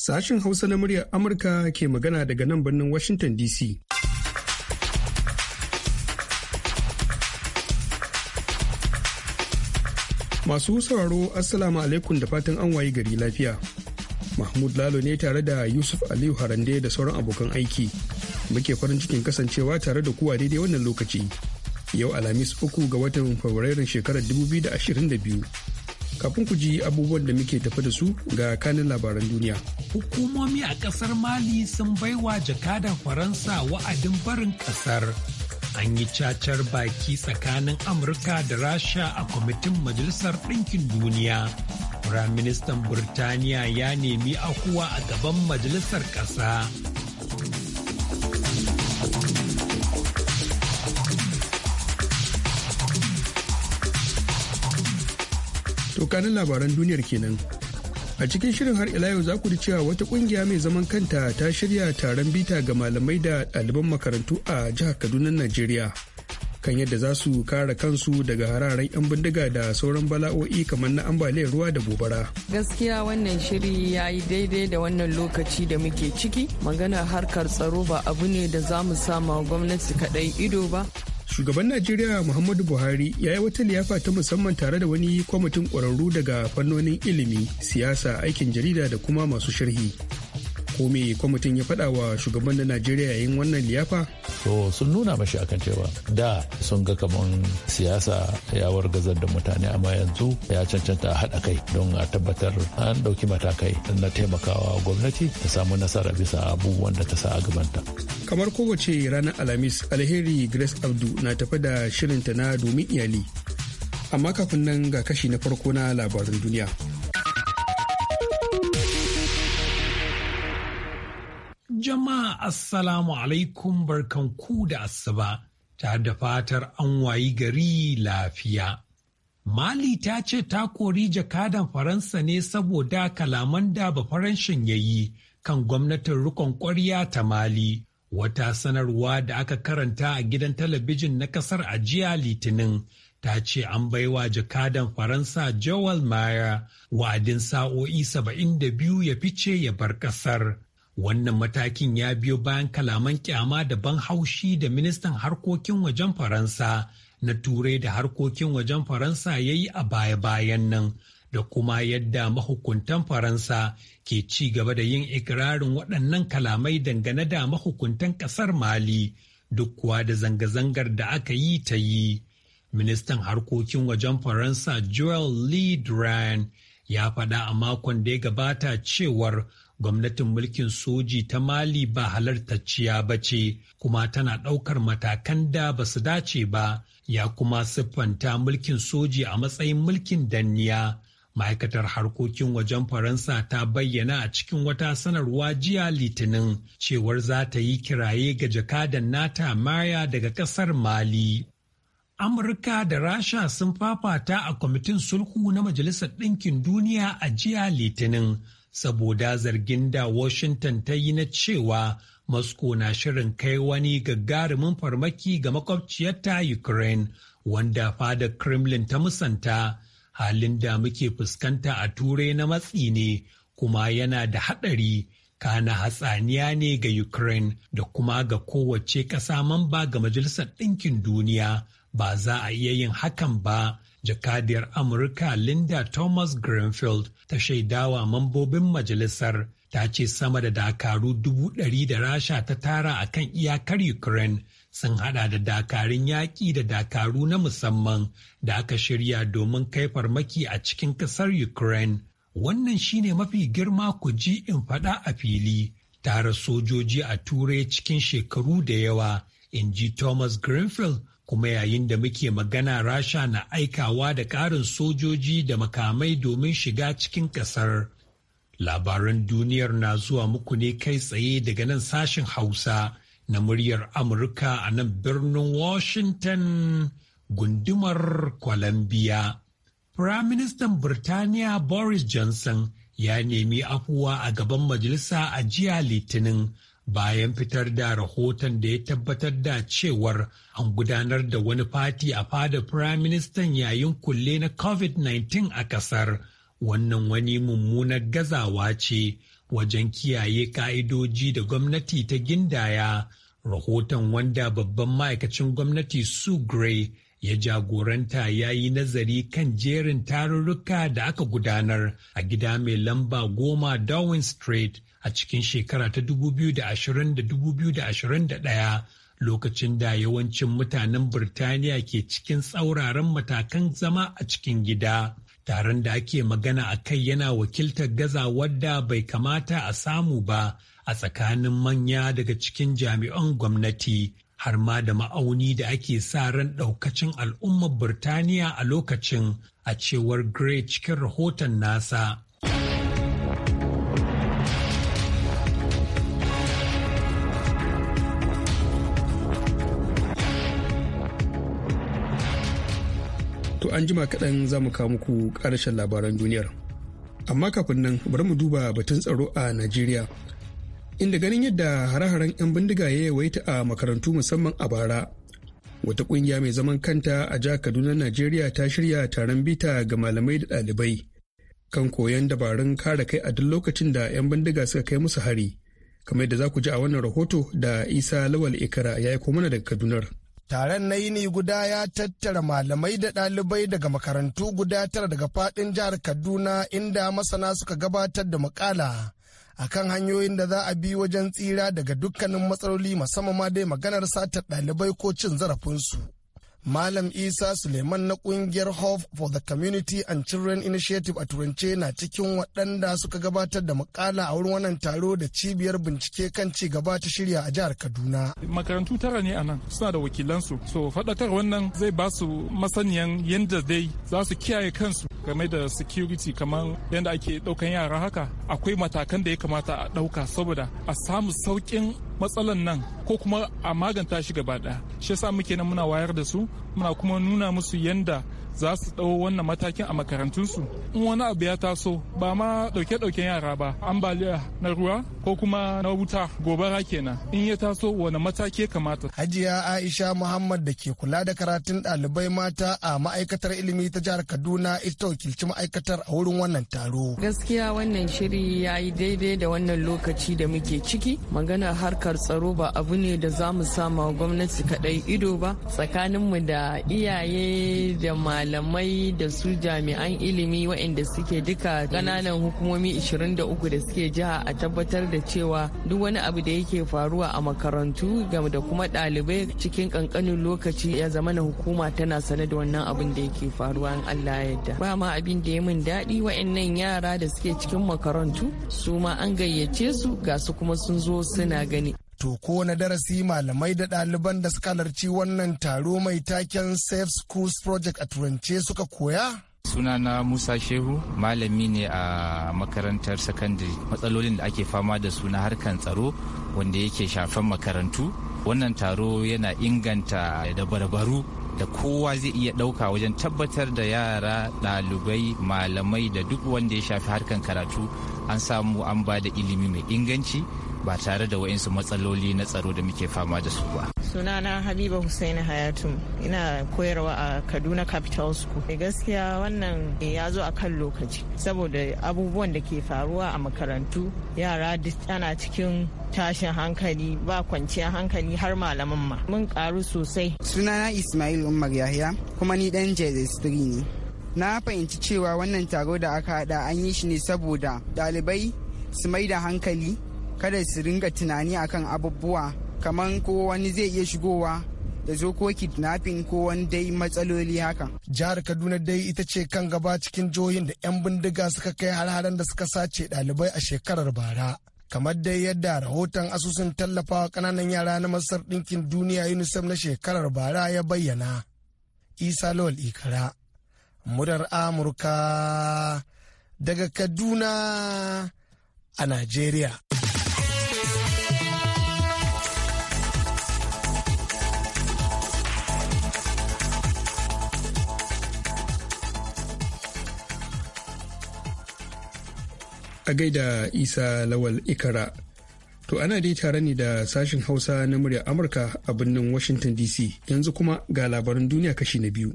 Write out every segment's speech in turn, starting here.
Sashen Hausa na muryar Amurka ke magana daga nan birnin Washington DC. Masu sauraro Assalamu alaikum da fatan an wayi gari lafiya. Mahmud Lalo ne tare da Yusuf Aliyu Harande da sauran abokan aiki. Muke farin cikin kasancewa tare da kuwa daidai wannan lokaci. Yau Alhamis uku ga watan Fabrairun shekarar 2022. kafin ku ji abubuwan da muke tafi da su ga kanin labaran duniya. Hukumomi a ƙasar Mali sun baiwa jakadan Faransa wa'adin barin ƙasar. An yi cacar baki tsakanin Amurka da Rasha a kwamitin Majalisar Ɗinkin Duniya. Firaministan Burtaniya ya nemi akuwa a gaban Majalisar Ƙasa. To kanin labaran duniyar kenan. A cikin shirin har ila yau za ku ji cewa wata kungiya mai zaman kanta ta shirya taron bita ga malamai da ɗaliban makarantu a jihar Kaduna Najeriya. Kan yadda za su kare kansu daga hararen 'yan bindiga da sauran bala'o'i kamar na ambaliyar ruwa da gobara. Gaskiya wannan shiri ya yi daidai da wannan lokaci da muke ciki. Maganar harkar tsaro ba abu ne da za mu sama gwamnati kaɗai ido ba. shugaban najeriya muhammadu buhari ya yi wata liyafa ta musamman tare da wani kwamitin ƙwararru daga fannonin ilimi siyasa aikin jarida da kuma masu sharhi ko me kwamitin ya faɗa wa shugaban na najeriya yayin wannan liyafa to sun nuna mashi akan cewa da sun ga kamar siyasa ya wargazar da mutane amma yanzu ya cancanta haɗa kai don a tabbatar an ɗauki matakai na taimakawa gwamnati ta samu nasara bisa abubuwan da ta sa a gabanta kamar kowace ranar alhamis alheri grace abdu na tafi da shirinta na domin iyali amma kafin nan ga kashi na farko na labaran duniya Jama'a Assalamu alaikum barkan ku da asuba ta da fatar an wayi gari lafiya. Mali ta ce ta kori jakadan Faransa ne saboda kalaman da ba Faranshin ya yi kan gwamnatin rukon ƙwarya ta Mali. Wata sanarwa da aka karanta a gidan talabijin na kasar ajiya Litinin ta ce an baiwa jakadan Faransa Joel Mayer wa'adin sa'o'i saba'in da biyu ya fice ya bar kasar Wannan matakin ya biyo bayan kalaman kyama da ban haushi da ministan harkokin wajen Faransa na Turai da harkokin wajen Faransa ya yi a baya-bayan nan da kuma yadda mahukuntan Faransa ke ci gaba da yin ikirarin waɗannan kalamai dangane da mahukuntan ƙasar Mali duk kuwa da zanga-zangar da aka yi ta yi. Ministan harkokin wajen Faransa Joel Lee Duran ya faɗa a makon da ya gabata cewar gwamnatin mulkin soji ta Mali ba halartacciya ba ce kuma tana ɗaukar matakan da ba su dace ba ya kuma siffanta mulkin soji a matsayin mulkin danniya. Ma'aikatar harkokin wajen Faransa ta bayyana a cikin wata sanarwa jiya Litinin cewar za ta yi kiraye ga jakadan nata Maya daga ƙasar Mali. Amurka da Rasha sun fafata a kwamitin sulhu na Majalisar Ɗinkin Duniya a jiya Litinin saboda zargin da Washington ta yi na cewa Moscow na shirin kai wani gagarumin farmaki ga makwabciyarta Ukraine wanda fada Kremlin ta musanta halin da muke fuskanta a turai na matsi ne kuma yana da haɗari kana hatsaniya ne ga Ukraine da kuma ga kowace ƙasa mamba ga Majalisar Ɗinkin Duniya ba za a iya yin hakan ba jakadiyar Amurka Linda Thomas Greenfield ta shaidawa mambobin majalisar ta ce sama da dakaru dubu ɗari da rasha ta tara a kan iyakar Ukraine sun hada da dakarun yaƙi da dakaru na musamman da aka shirya domin kai farmaki a cikin ƙasar Ukraine. Wannan shine mafi girma ku ji in faɗa a fili. Tara sojoji a Turai cikin shekaru da yawa, in ji Thomas Greenfield kuma yayin da muke magana rasha na aikawa da ƙarin sojoji da makamai domin shiga cikin ƙasar. Labaran duniyar na zuwa muku ne kai tsaye daga nan sashen Hausa na muryar Amurka a nan birnin Washington gundumar Columbia. Firaministan Birtaniya Boris Johnson ya nemi afuwa a gaban majalisa a jiya Litinin bayan fitar da rahoton da ya tabbatar da cewar an gudanar da wani fati a fada firaministan yayin kulle na covid-19 a kasar wannan wani mummunar gazawa ce wajen kiyaye ka'idoji da gwamnati ta gindaya rahoton wanda babban ma'aikacin gwamnati su gray ya jagoranta ya yi nazari kan jerin tarurruka da aka gudanar a gida mai lamba goma Darwin Street a cikin shekara ta 2020 2021 lokacin da yawancin mutanen Birtaniya ke cikin tsauraran matakan zama a cikin gida. Taron da ake magana a kai yana wakiltar gazawar da bai kamata a samu ba a tsakanin manya daga cikin jami'an gwamnati har ma da ma'auni da ake sa ran ɗaukacin al'ummar Birtaniya a lokacin a cewar Gray cikin rahoton nasa. an jima kaɗan za mu kawo muku ƙarashen labaran duniyar amma kafin nan bari mu duba batun tsaro a najeriya inda ganin yadda hare-haren 'yan bindiga ya yawaita a makarantu musamman a bara wata ƙungiya mai zaman kanta a jihar kaduna najeriya ta shirya taron bita ga malamai da ɗalibai kan koyon dabarun kare kai a duk lokacin da 'yan bindiga suka kai musu hari kamar yadda za ku ji a wannan rahoto da isa lawal ikara ya yi mana daga kadunar Taron na yini guda ya tattara malamai da ɗalibai daga makarantu guda tara daga faɗin jihar Kaduna inda masana suka gabatar da makala kan hanyoyin da za a bi wajen tsira daga dukkanin matsaloli musamman ma dai maganar satar ɗalibai ko cin zarafinsu. Malam Isa Suleiman na kungiyar Hope for the Community and Children Initiative a Turance na cikin waɗanda suka gabatar da makala a wurin wannan taro da cibiyar bincike kan ci gaba ta shirya a jihar Kaduna. Makarantu tara ne a nan suna da wakilansu. So faɗakar wannan zai ba su masaniyan yadda dai za su kiyaye kansu game da security kamar yadda ake ɗaukan yara haka akwai matakan da ya kamata a ɗauka saboda a samu saukin matsalan nan ko kuma a maganta shi gaba ɗaya. Shi yasa muke nan muna wayar da su muna kuma nuna musu yanda za su ɗau wannan matakin a makarantunsu in wani abu ya taso ba ma ɗauke-ɗauken yara ba ambaliya na ruwa ko kuma na wuta gobara kenan in ya taso wani mataki kamata hajiya aisha muhammad da ke kula da karatun ɗalibai mata a ma'aikatar ilimi ta jihar kaduna ita ta wakilci ma'aikatar a wurin wannan taro gaskiya wannan shiri ya yi daidai da wannan lokaci da muke ciki magana harkar tsaro ba abu ne da za mu sama gwamnati kaɗai ido ba tsakanin mu da iyaye da malamai malamai da su jami'an ilimi waɗanda suke duka ƙananan hukumomi 23 da suke jiha a tabbatar da cewa duk wani abu da yake faruwa a makarantu game da kuma ɗalibai cikin ƙanƙanin lokaci ya zama na hukuma tana sane da wannan abin da yake faruwa in Allah ya yarda. Ba ma abin da ya min daɗi waɗannan yara da suke cikin makarantu su ma an gayyace su ga su kuma sun zo suna gani. To ko na darasi malamai da ɗaliban da suka halarci wannan taro mai taken Safe Schools Project a turance suka koya? suna na musa shehu malami ne a makarantar secondary matsalolin da ake fama da su na harkar tsaro wanda yake shafan makarantu wannan taro yana inganta dabarbaru da kowa zai iya ɗauka wajen tabbatar da yara ɗalibai malamai da duk wanda ya shafi harkan karatu an samu an ba da ilimi mai inganci ba tare da wa'insu matsaloli na tsaro da muke fama da su ba. Sunana Habiba Hussein Hayatu ina koyarwa a Kaduna Capital School. Eh, gaskiya wannan ya zo a kan lokaci saboda abubuwan da ke faruwa a makarantu yara da ana cikin tashin hankali ba kwanciyar hankali har malaman ma mun karu sosai sunana ismail umar yahya kuma ni dan jezestri ne na fahimci cewa wannan taro da aka hada an yi shi ne saboda ɗalibai su mai da hankali kada su ringa tunani akan abubuwa kamar ko wani zai iya shigowa da zo ko kidnapping ko wani dai matsaloli haka. Jihar Kaduna dai ita ce kan gaba cikin jihohin da 'yan bindiga suka kai har-haren da suka sace ɗalibai a shekarar bara. Kamar dai yadda rahoton asusun tallafawa kananan yara na Masar Ɗinkin Duniya UNICEF na shekarar bara ya bayyana. Isa Lawal Ikara, murar Amurka daga Kaduna a Najeriya. a gaida isa lawal ikara to ana dai tare ne da sashen hausa na murya amurka a birnin washington dc yanzu kuma ga labarin duniya kashi na biyu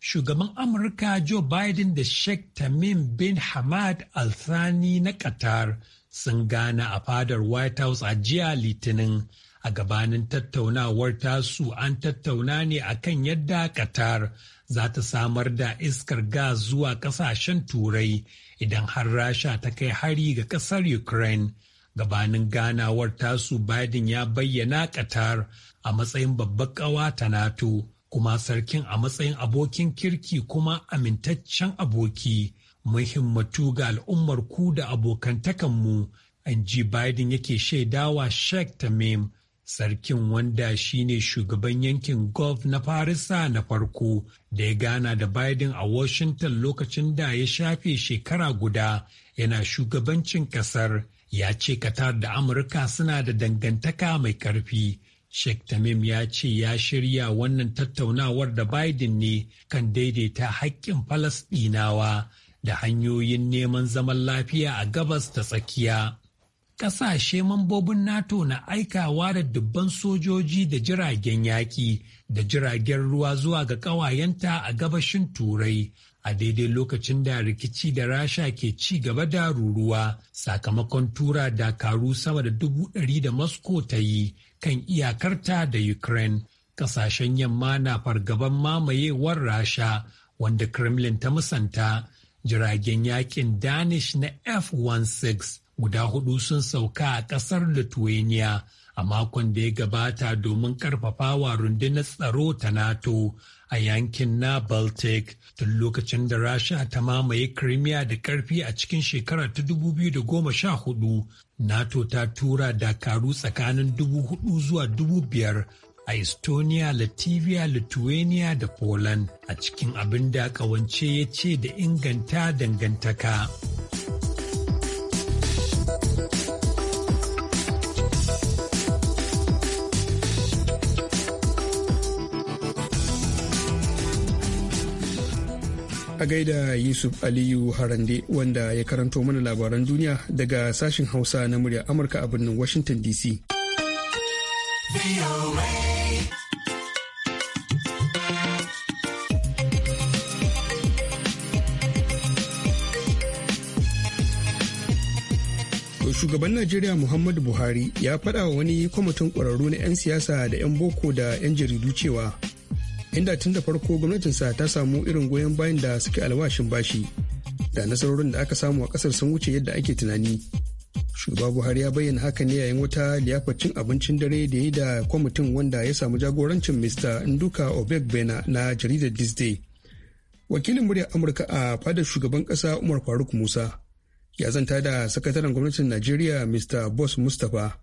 shugaban amurka joe biden da sheikh tamim bin hamad al thani na qatar sun gana a fadar white house a jiya litinin a gabanin tattaunawar tasu an tattauna ne akan yadda qatar za ta samar da iskar gas zuwa kasashen turai idan har rasha ta kai hari ga kasar ukraine gabanin ganawar tasu biden ya bayyana qatar a matsayin babbar ƙawa ta nato kuma sarkin a matsayin abokin kirki kuma amintaccen aboki muhimmatu ga al'ummar ku da abokantakanmu an ji biden yake shaidawa sheikh tamim Sarkin wanda shine shugaban yankin Gov na Farisa na farko da ya gana da Biden a Washington lokacin da ya shafe shekara guda yana shugabancin kasar ya ce Qatar da Amurka suna da dangantaka mai karfi. Sheikh Tamim ya ce ya shirya wannan tattaunawar da Biden ne kan daidaita haƙƙin Falasɗinawa da hanyoyin neman zaman lafiya a gabas ta tsakiya. ƙasashe mambobin NATO na aikawa da dubban sojoji da jiragen yaƙi da jiragen ruwa zuwa ga ƙawayenta a gabashin Turai a daidai lokacin da rikici da rasha ke ci gaba da ruruwa sakamakon tura dakaru sama da dubu ɗari da Moscow ta yi kan iyakarta da Ukraine. Ƙasashen yamma na fargaban mamayewar rasha wanda Kremlin ta musanta jiragen yaƙin Danish na F-16 guda hudu sun sauka a ƙasar Lithuania a makon da ya gabata domin ƙarfafa wa rundunar tsaro ta NATO a yankin na Baltic tun lokacin da Rasha ta mamaye Crimea da ƙarfi a cikin shekarar ta 2014. NATO ta tura dakaru tsakanin 4,000 zuwa 5,000 a Estonia, Latvia, Lithuania da Poland a cikin abin da ƙawance ya ce da inganta dangantaka. a gaida Yusuf Aliyu Harande wanda ya karanto mana labaran duniya daga sashen Hausa na murya Amurka a birnin Washington DC. shugaban najeriya muhammadu buhari ya faɗa wa wani kwamitin ƙwararru na 'yan siyasa da 'yan boko da 'yan jaridu cewa inda tun da farko gwamnatinsa ta samu irin goyon bayan da suke alwashin bashi da nasarorin da aka samu a ƙasar sun wuce yadda ake tunani shugaba buhari ya bayyana haka ne yayin wata liyafar cin abincin dare da ya yi da kwamitin wanda ya samu jagorancin mr nduka obegbena na jaridar disney wakilin muryar amurka a fadar shugaban ƙasa umar faruk musa ya zanta da sakataren gwamnatin najeriya mr boss mustapha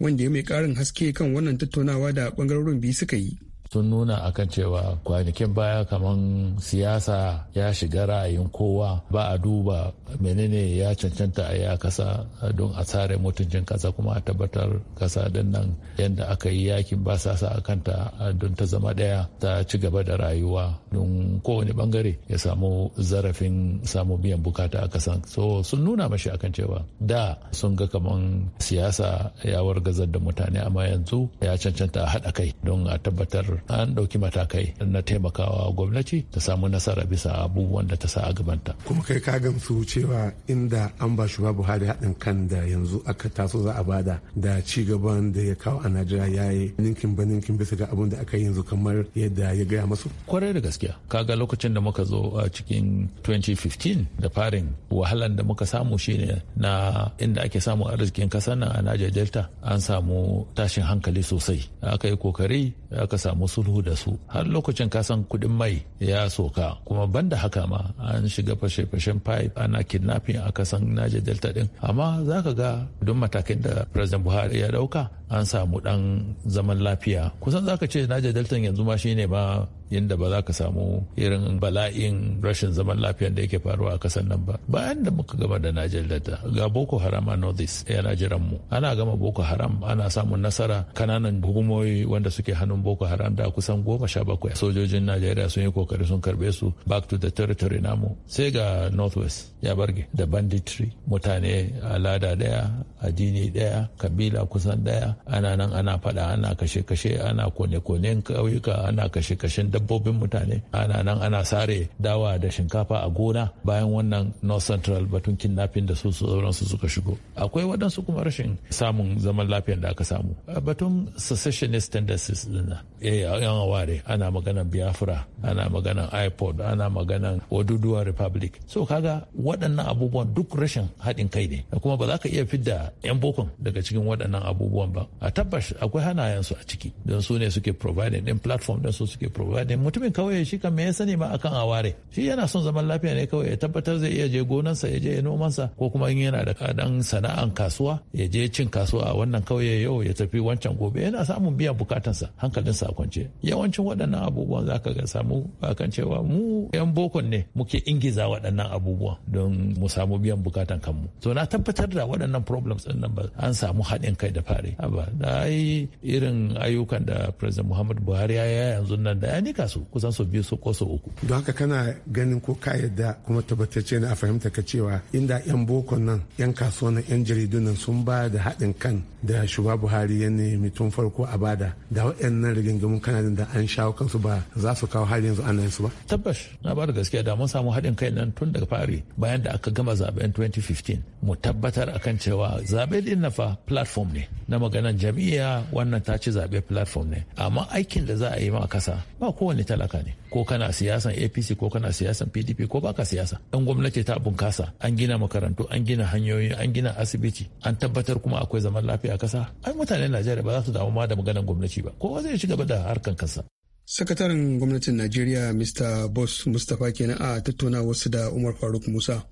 wanda ya mai karin haske kan wannan tattaunawa da bangarorin biyu suka yi sun nuna akan cewa kwanakin baya kamar siyasa ya shiga ra'ayin kowa ba a duba menene ya cancanta a yi kasa don a tsare mutuncin kasa kuma a tabbatar kasa din nan yadda aka yi yakin ba sa sa a kanta don ta zama daya ta ci gaba da rayuwa don kowane bangare ya samu zarafin samu biyan bukata a kasan so sun nuna mashi akan cewa da sun ga kamar siyasa ya wargazar da mutane amma yanzu ya cancanta a haɗa kai don a tabbatar an ɗauki matakai na taimakawa gwamnati ta samu nasara bisa abubuwan da ta sa a gabanta. kuma kai ka gamsu cewa inda an ba shugaba buhari haɗin kan da yanzu aka taso za a bada da ci gaban da ya kawo a najeriya ya yi ninkin ba ninkin bisa ga abun da aka yi yanzu kamar yadda ya gaya masu. kwarai da gaskiya kaga lokacin da muka zo a cikin 2015 da farin wahalan da muka samu shine na inda ake samu arzikin kasa na a niger delta an samu tashin hankali sosai aka yi kokari aka samu samu sulhu da su har lokacin kasan kuɗin mai ya soka kuma banda haka ma an shiga fashe-fashen pipe ana kidnapping a kasan naja delta din amma za ka ga duk matakin da president buhari ya dauka an samu dan zaman lafiya kusan za ka ce naja delta yanzu ma shine ba yadda ba za ka samu irin bala'in rashin zaman lafiyar da yake faruwa a kasan nan ba bayan da muka gama da najar delta ga boko haram a northeast yana eh, jiran mu ana gama boko haram ana samun nasara kananan hukumomi wanda suke hannun boko haram da kusan goma sha bakwai sojojin najeriya sun yi kokari sun karbe su back to the territory namu sai ga northwest ya barge da banditry mutane a lada daya addini daya kabila kusan daya ana nan ana fada ana kashe-kashe ana kone-konen kauyuka ana kashe-kashen dabbobin mutane ana nan ana sare dawa da shinkafa a gona bayan wannan north central batun kidnapping da su sauransu suka shigo akwai waɗansu kuma rashin samun zaman lafiyar da aka samu batun secessionist tendencies dinna eh yan aware ana magana biafra ana magana ipod ana magana waduduwa republic so kaga waɗannan abubuwan duk rashin haɗin kai ne kuma ba za ka iya fidda yan bokon daga cikin waɗannan abubuwan ba a tabbas akwai su a ciki don su ne suke providing din platform din su suke providing mutumin kawai shi kan me ya sani ma akan aware shi yana son zaman lafiya ne kawai ya tabbatar zai iya je gonansa ya je ya nomansa ko kuma in yana da kadan sana'an kasuwa ya je cin kasuwa a wannan kauye yau ya tafi wancan gobe yana samun biyan bukatansa hankalin sa kwance yawancin waɗannan abubuwan za ka ga samu akan cewa mu yan bokon ne muke ingiza waɗannan abubuwan don mu samu biyan bukatan kanmu to na tabbatar da waɗannan problems ɗin nan ba an samu haɗin kai da fare ba da yi irin ayyukan da president muhammadu buhari ya yi yanzu nan da ya nika su kusan su biyu su ko su uku don haka kana ganin ko ka yadda kuma tabbatacce na a fahimta ka cewa inda yan boko nan yan kasuwa nan yan jaridu nan sun ba da haɗin kan da shuba buhari ya nemi tun farko a bada da waɗannan rigingimun kanadin da an shawo kansu ba za su kawo hali yanzu ana su ba tabbas na ba da gaskiya da mun samu haɗin kai nan tun daga fari bayan da aka gama zaben 2015 mu tabbatar akan cewa zaɓe din na fa platform ne na magana nan jam'iyya wannan ta ci zaɓe platform ne amma aikin da za a yi ma kasa ba kowane talaka ne ko kana siyasan apc ko kana siyasan pdp ko baka siyasa dan gwamnati ta bunkasa an gina makarantu an gina hanyoyi an gina asibiti an tabbatar kuma akwai zaman lafiya a kasa ai mutanen najeriya ba za su damu ma da maganan gwamnati ba kowa zai ci gaba da harkan kansa sakataren gwamnatin najeriya mr boss mustapha kenan a tattauna wasu da umar faruk musa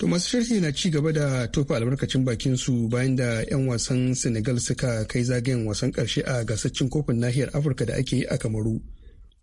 To masu sharhi na ci gaba da tofa albarkacin bakin su bayan da 'yan wasan Senegal suka kai zagayen wasan karshe a gasaccin kofin nahiyar Afirka da ake yi a Kamaru.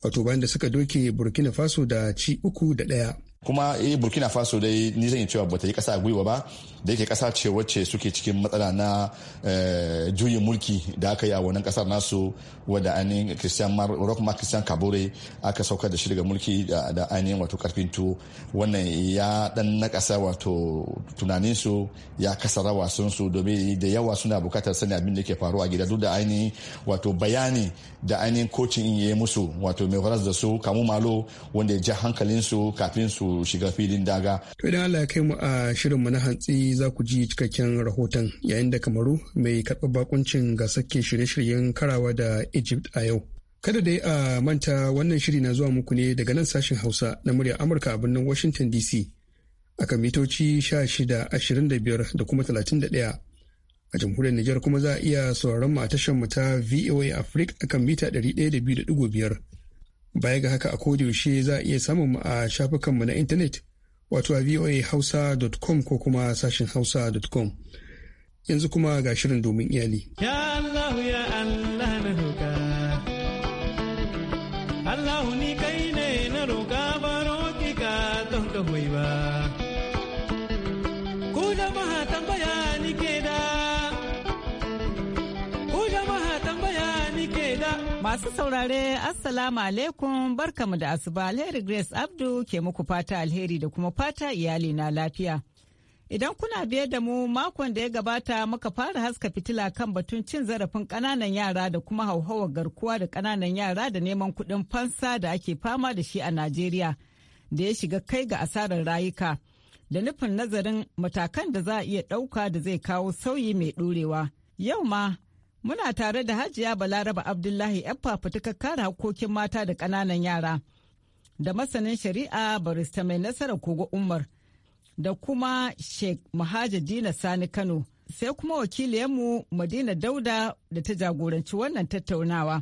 Wato bayan da suka doke Burkina Faso da ci uku da ɗaya. kuma eh burkina faso dai ni zan yi cewa bata yi kasa gwiwa ba da yake kasa ce wacce suke cikin matsala na eh, juyin mulki da aka yi a wannan kasar nasu wadda ainihin christian ma christian kabore aka saukar da shi daga mulki da ainihin wato karfin tu wannan ya dan na kasa wato tunanin su ya kasa wasan su domin da yawa suna bukatar sani abin da ke faruwa a gida duk da ainihin wato bayani da ainihin kocin ya yi musu wato mai horas da su kamu malo wanda ya ji hankalin su kafin su shiga filin daga. To idan Allah ya kai mu a shirin mu na hantsi za ku ji cikakken rahoton yayin da Kamaru mai karɓar bakuncin ga sake shirye-shiryen karawa da Egypt a yau. Kada dai a manta wannan shiri na zuwa muku ne daga nan sashen Hausa na muryar Amurka a birnin Washington DC. a kan mitoci 16, 25 da kuma 31. a jamhuriyar Nijar kuma za a iya sauraron mu a tashar mu ta VOA Africa a kan mita ɗari da biyu 102.5 Baya ga haka a yaushe za a iya samun a shafukanmu na intanet wato a voahausa.com ko kuma sashin hausa.com. Yanzu kuma ga shirin domin iyali. Allah ya Allah na Allah ni kai Masu saurare Assalamu alaikum barkamu da asuba Alheri Grace Abdu ke muku fata alheri da kuma fata iyali na lafiya. Idan kuna biye da mu makon da ya gabata muka fara haska fitila kan batun cin zarafin ƙananan yara da kuma hauhawar garkuwa da ƙananan yara da neman kuɗin fansa da ake fama da shi a Najeriya da ya shiga kai ga asarar rayuka da nufin nazarin matakan da za a iya ɗauka da zai kawo sauyi mai ɗorewa. Yau ma Muna tare da Hajiya Balaraba Abdullahi yan fafutukar kare hakokin mata da ƙananan yara da masanin shari'a barista mai nasara kogo Umar da kuma Sheikh muhajjadina Sani Kano sai kuma wakiliyanmu Madina Dauda da ta jagoranci wannan tattaunawa.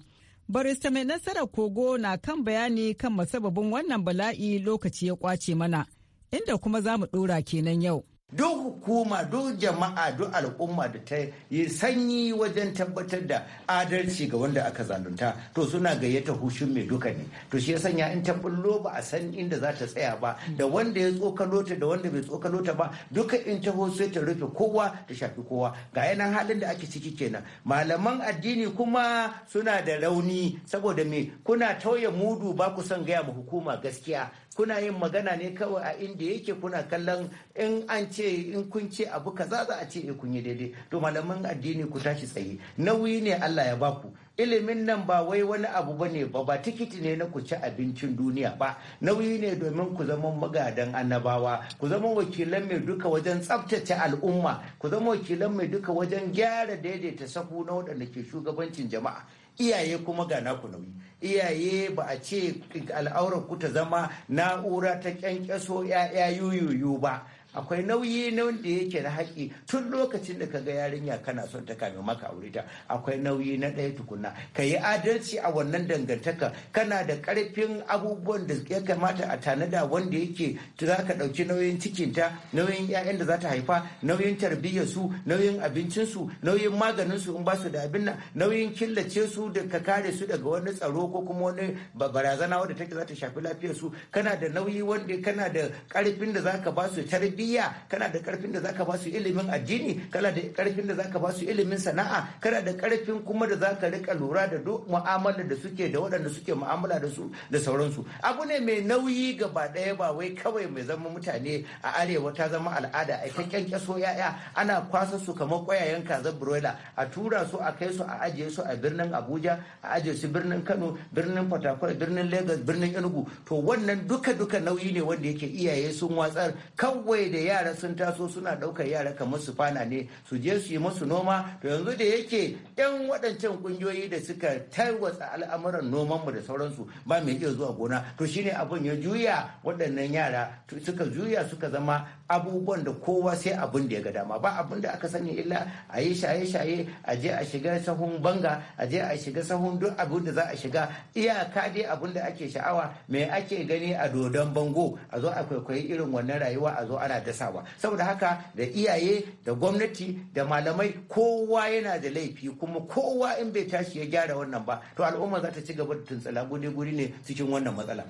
Barista mai nasara kogo na kan bayani kan masababin wannan bala'i lokaci ya kwace mana inda kuma za mu ɗora kenan yau. duk hukuma duk jama'a duk al'umma da ta yi sanyi wajen tabbatar da adalci ga wanda aka zalunta to suna gayyata hushin mai duka ne to shi ya sanya in ta bullo ba a san inda za ta tsaya ba da wanda ya tsokalo ta da wanda bai tsokalo ta ba duka in ta sai ta rufe kowa ta shafi kowa ga yanan halin da ake ciki kenan malaman addini kuma suna da rauni saboda me kuna tauye mudu ba ku son gaya ma hukuma gaskiya kuna yin magana ne kawai a inda yake kuna kallon in an ce in kun ce abu kaza za a ce eh, kun yi daidai to malaman addini ku tashi tsaye nauyi ne Allah ya baku ilimin nan ba wai wani abu ba ne ba ba tikiti ne na ku ci abincin duniya ba nauyi ne domin ku zama magadan annabawa ku zama wakilan mai duka wajen tsabtace al'umma ku zama wakilan mai duka wajen gyara daidaita sahu na waɗanda ke shugabancin jama'a iyaye kuma ga naku nauyi iyaye ba a ce al'aurar ku ta zama na'ura ta kyankyaso 'ya'ya yuyuyu ba akwai nauyi na wanda yake na haƙƙi tun lokacin da ka ga yarinya kana son ta kame maka aure ta akwai nauyi na ɗaya tukuna ka yi adalci a wannan dangantaka kana da ƙarfin abubuwan da ya kamata a tanada wanda yake za ka ɗauki nauyin cikinta nauyin 'ya'yan da za ta haifa nauyin tarbiyyarsu nauyin abincinsu nauyin maganinsu in ba su da abin nan nauyin killace su da ka kare su daga wani tsaro ko kuma wani barazana wanda take za ta shafi lafiyarsu. kana da nauyi wanda kana da ƙarfin da za ka ba su tarbiyya tarbiyya kana da karfin da zaka ba su ilimin addini kana da karfin da zaka ba su ilimin sana'a kana da karfin kuma da zaka rika lura da duk mu'amala da suke da waɗanda suke mu'amala da su da sauransu abu ne mai nauyi gaba ɗaya ba wai kawai mai zama mutane a arewa ta zama al'ada a kakken kyaso ya'ya ana kwasa su kamar kwayayen kaza broiler a tura su a kai su a ajiye su a birnin abuja a ajiye su birnin kano birnin fatakwal birnin lagos birnin enugu to wannan duka duka nauyi ne wanda yake iyaye sun watsar kawai da yara sun taso suna ɗaukar yara kamar su fana ne su je su yi musu noma to yanzu da yake yan waɗancan kungiyoyi da suka tarwatsa al'amuran noman mu da sauransu ba mai iya zuwa gona to shine abin ya juya waɗannan yara suka juya suka zama abubuwan da kowa sai abin da ya ga dama ba abin da aka sani illa a yi shaye-shaye a je a shiga sahun banga a je a shiga sahun duk abin da za a shiga iyaka dai abin da ake sha'awa me ake gani a dodon bango a zo a kwaikwayi irin wannan rayuwa a zo ana dasawa saboda haka da iyaye da gwamnati da malamai kowa yana da laifi kuma kowa in bai tashi ya gyara wannan ba to al'umma za ta ci gaba da tuntsala guri guri ne cikin wannan matsala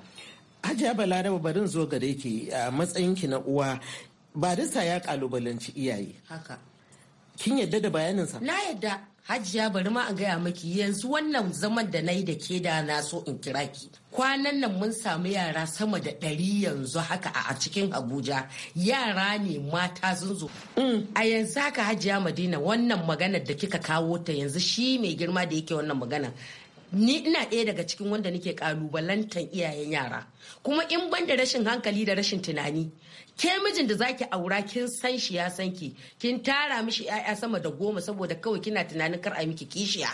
hajiya balaraba barin zo gare ki a ki na uwa dasa ya kalubalanci iyaye haka kin yadda da bayaninsa na yadda hajiya bari ma in gaya maki yanzu wannan zaman da na yi da ke da na so in kira ki kwanan nan mun samu yara sama da ɗari yanzu haka a cikin abuja yara ne mata zunzo. Mm, a yanzu haka hajiya madina wannan maganar da kika kawo ta yanzu shi mai girma da yake wannan magana ni ina ɗaya daga cikin wanda nake ƙalubalantan iyayen yara kuma in ban da rashin hankali da rashin tunani ke mijin da zaki aura kin san shi ya san ki kin tara mishi 'ya'ya sama da goma saboda kawai kina tunanin kar a miki kishiya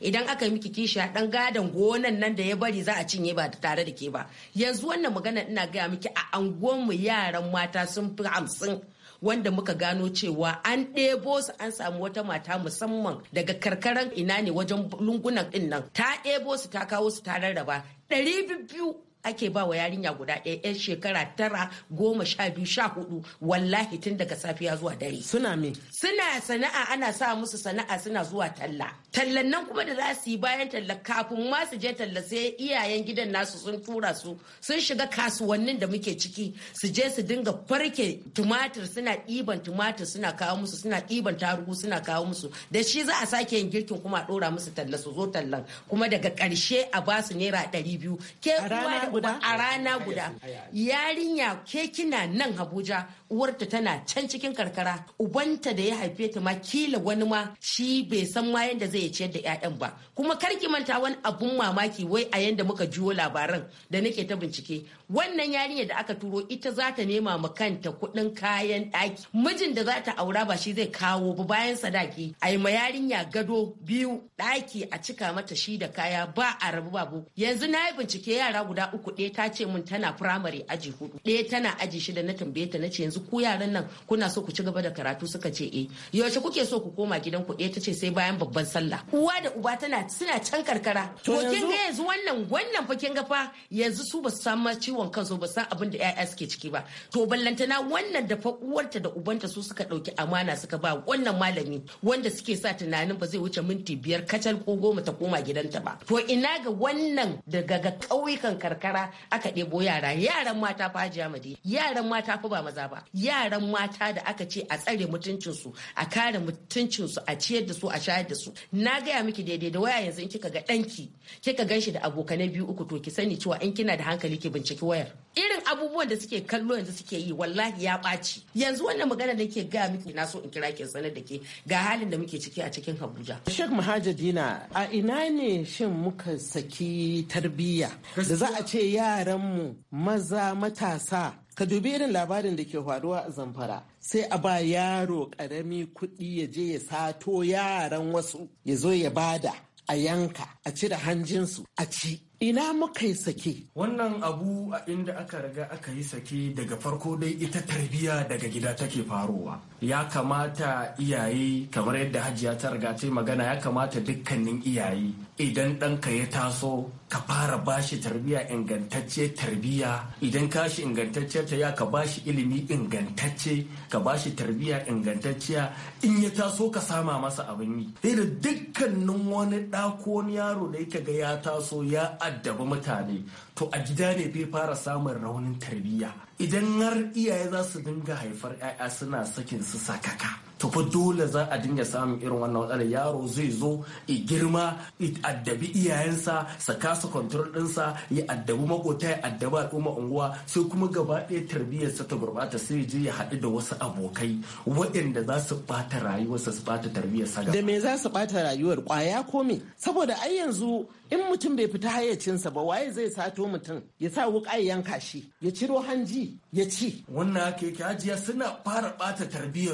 idan aka yi miki kishiya dan gadon gonan nan da ya bari za a cinye ba da tare da ke ba yanzu wannan magana ina gaya miki a mu yaran mata sun fi hamsin wanda muka gano cewa an ɗebo su an samu wata mata musamman daga karkaran ina ne wajen lungunan ɗinnan. ta ɗebo su ta kawo su ta rarraba ɗari biyu ake ba wa yarinya guda ɗaya yan shekara tara goma sha biyu sha hudu wallahi tun daga safiya zuwa dare suna me suna sana'a ana sa musu sana'a suna zuwa talla tallan nan kuma da za su yi bayan talla kafin ma su je talla sai iyayen gidan nasu sun tura su sun shiga kasuwannin da muke ciki su je su dinga farke tumatir suna ɗiban tumatir suna kawo musu suna ɗiban tarugu suna kawo musu da shi za a sake yin girkin kuma a ɗora musu talla su zo tallan kuma daga ƙarshe a ba su naira ɗari biyu ke a rana guda yarinya ke kina nan abuja uwarta tana can cikin karkara ubanta da ya haife ta ma kila wani ma shi bai san ma yadda zai ciyar da 'ya'yan ba kuma kar ki manta wani abun mamaki wai a yanda muka juyo labaran da nake ta bincike wannan yarinya da aka turo ita za ta nema ma kanta kuɗin kayan ɗaki mijin da za ta aura ba shi zai kawo ba bayan sadaki a yi ma yarinya gado biyu ɗaki a cika mata shi da kaya ba a rabu ba babu yanzu na yi bincike yara guda uku ɗaya ta ce min tana firamare aji hudu ɗaya tana aji shida na tambaye ta na ce yanzu yanzu ku yaran nan kuna so ku ci gaba da karatu suka ce eh yaushe kuke so ku koma gidan ku ɗaya eh, tace sai bayan babban sallah uwa da uba tana suna can karkara to kin ga yanzu wannan wannan fa kin ga fa yanzu su ba su san ma ciwon kansu ba san abin da ƴaƴa suke ciki ba to ballantana wannan da fa uwarta da ubanta su suka ɗauki amana suka ba wannan malami wanda suke sa tunanin ba zai wuce minti biyar kacal ko goma ta koma gidanta ba to ina ga wannan daga ga ƙauyukan karkara aka ɗebo yara yaran mata fa hajiya madi yaran mata fa ba maza ba yaran mata da aka ce a tsare mutuncinsu a kare mutuncinsu a ciyar da su a shayar da su na gaya miki daidai da waya yanzu in kika ga ɗanki kika gan shi da abokanai biyu uku to ki sani cewa in kina da hankali ki binciki wayar irin abubuwan da suke kallo yanzu suke yi wallahi ya ɓaci yanzu wannan magana da ke gaya miki na so in kira ki sanar da ke ga halin da muke ciki a cikin Abuja Sheikh Mahajadina a ina ne shin muka saki tarbiyya da za a ce yaran mu maza matasa ka dubi irin labarin da ke faruwa a zamfara sai a ba yaro karami kuɗi ya je ya sato yaran wasu ya zo ya bada a yanka a cire hanjinsu a ci ina muka yi sake wannan abu a inda aka riga aka yi sake daga farko dai ita tarbiyya daga gida take faruwa, ya kamata iyaye kamar yadda hajiya ta riga ta magana ya kamata dukkanin iyaye idan ɗanka ya taso ka fara bashi tarbiyya ingantacce tarbiyya idan ka shi ingantacce ta ya ka bashi ilimi ingantacce ka bashi tarbiyya ingantacciya in ya taso ka sama masa abin yi da dukkanin wani ɗako yaro da ga ya taso ya addaba mutane to a gida ne bai fara samun raunin tarbiyya idan har iyaye za su dinga haifar 'ya'ya suna sakin su sakaka to fa dole za a dinga samun irin wannan wadanda yaro zai zo i girma i addabi iyayensa sa kasa control dinsa ya addabi makota ya addabi al'umma unguwa sai kuma gaba ɗaya tarbiyyarsa ta gurbata sai je ya haɗu da wasu abokai waɗanda za su ɓata rayuwarsa su ɓata tarbiyyarsa da me za su ɓata rayuwar ƙwaya ko me saboda ai yanzu in mutum bai fita hayyacinsa ba waye zai sato mutum ya sa wuƙa ya yanka shi ya ciro hanji ya ci wannan keke hajiya suna fara bata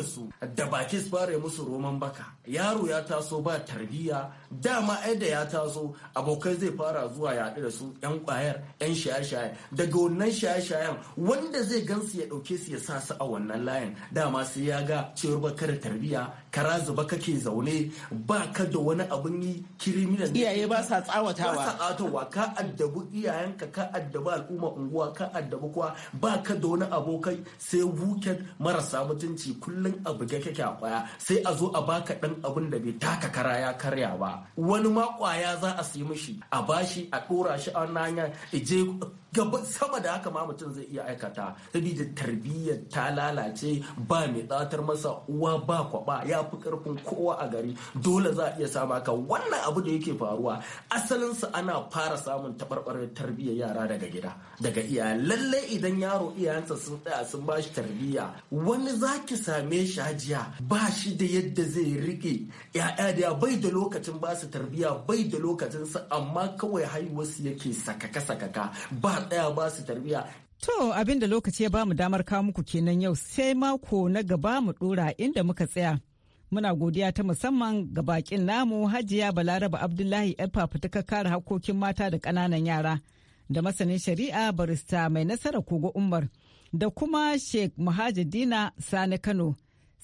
su da baki su fara musu roman baka yaro ya taso ba tarbiyya dama ai da ya taso abokai zai fara zuwa ya da su yan kwayar yan shaye-shaye daga wannan shaye-shayen wanda zai gansu ya dauke su ya sa su a wannan layin dama sai ya ga cewar baka da tarbiya kara zuba kake zaune ba ka da wani abin yi kiriminal iyaye ba sa tsawatawa ba sa tsawatawa ka addabi iyayenka ka addabi al'umma unguwa ka addabi kuwa ba ka da wani abokai sai wuken marasa mutunci kullum abu ga kake kwaya sai a zo a baka dan abin da bai taka kara ya karya ba wani makwaya za a sayi mishi a bashi a dora shi a wannan hanya gaba sama da haka ma mutum zai iya aikata sabida tarbiyyar ta lalace ba mai tsatar masa uwa ba kwaba ya fi karfin kowa a gari dole za a iya sama ka wannan abu da yake faruwa asalinsa ana fara samun taɓarɓarar tarbiyyar yara daga gida daga iyaye lallai idan yaro iyayensa sun tsaya sun ba shi tarbiyya wani za ki same shi hajiya ba shi da yadda zai rike ya'ya da bai da lokacin ba su tarbiyya bai da lokacin su amma kawai haihuwarsu yake sakaka sakaka ba ɗaya ba su tarbiya. To abin da lokaci ya bamu damar kawo muku kenan yau sai mako na gaba mu ɗora, inda muka tsaya. Muna godiya ta musamman ga bakin namu Hajiya Balaraba Abdullahi Efa fafutuka kare hakokin mata da ƙananan yara da masanin shari'a barista mai nasara kogo Umar da kuma Sheikh Muhajidina Sani Kano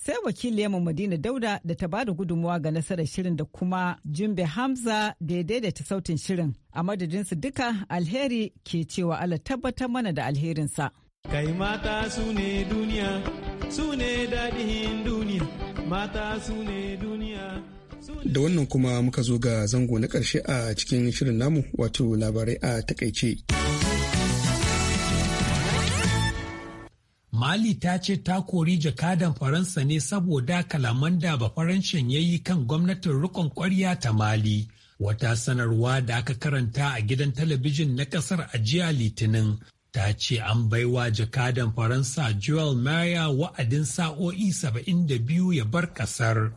sai yamma madina dauda da ta bada gudunmuwa ga nasarar shirin da kuma jimbe hamza da ya sautin shirin a madadinsu duka alheri ke cewa allah tabbatar mana da alherinsa kai mata su ne duniya su ne daɗin duniya mata su ne duniya da wannan kuma muka zo ga zango na karshe a cikin shirin namu wato labarai a takaice. Mali ta ce ta kori jakadan Faransa ne saboda kalaman da Bafaranshen ya yi kan gwamnatin rikon kwarya ta Mali. Wata sanarwa da aka karanta a gidan talabijin na kasar a jiya Litinin ta ce an baiwa jakadan Faransa Joel Maya wa'adin sa'o'i saba'in da biyu ya bar kasar.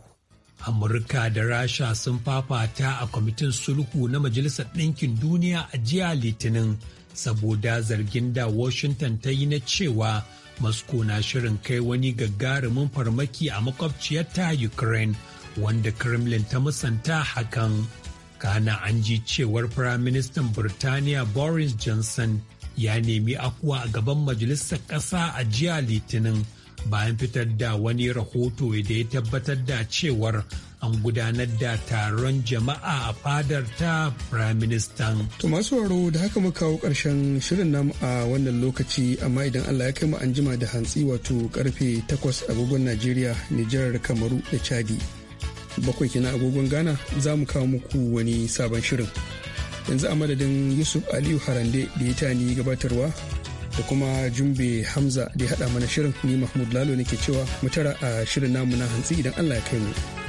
Amurka da Rasha sun fafata a kwamitin sulhu na Majalisar Ɗinkin Duniya a jiya Litinin saboda zargin da Washington ta yi na cewa Moscow na shirin kai wani gagarumin farmaki a makwabciyar ta Ukraine wanda Kremlin ta musanta hakan. Kana an ji cewar Firaministan Birtaniya Boris Johnson ya nemi afuwa a gaban Majalisar Ƙasa a jiya Litinin bayan fitar da wani rahoto da ya tabbatar da cewar an gudanar da taron jama'a a fadar ta Prime Minister. To masu waro da haka muka kawo ƙarshen shirin nam a wannan lokaci amma idan Allah ya kai mu an jima da hantsi wato karfe takwas agogon Najeriya, Nijar, Kamaru da Chadi. Bakwai kina agogon Ghana za mu kawo muku wani sabon shirin. Yanzu a madadin Yusuf Aliyu Harande da ya tani gabatarwa da kuma Jumbe Hamza da ya haɗa mana shirin ni Mahmud Lalo nake cewa mu tara a shirin namu na hantsi idan Allah ya kai mu.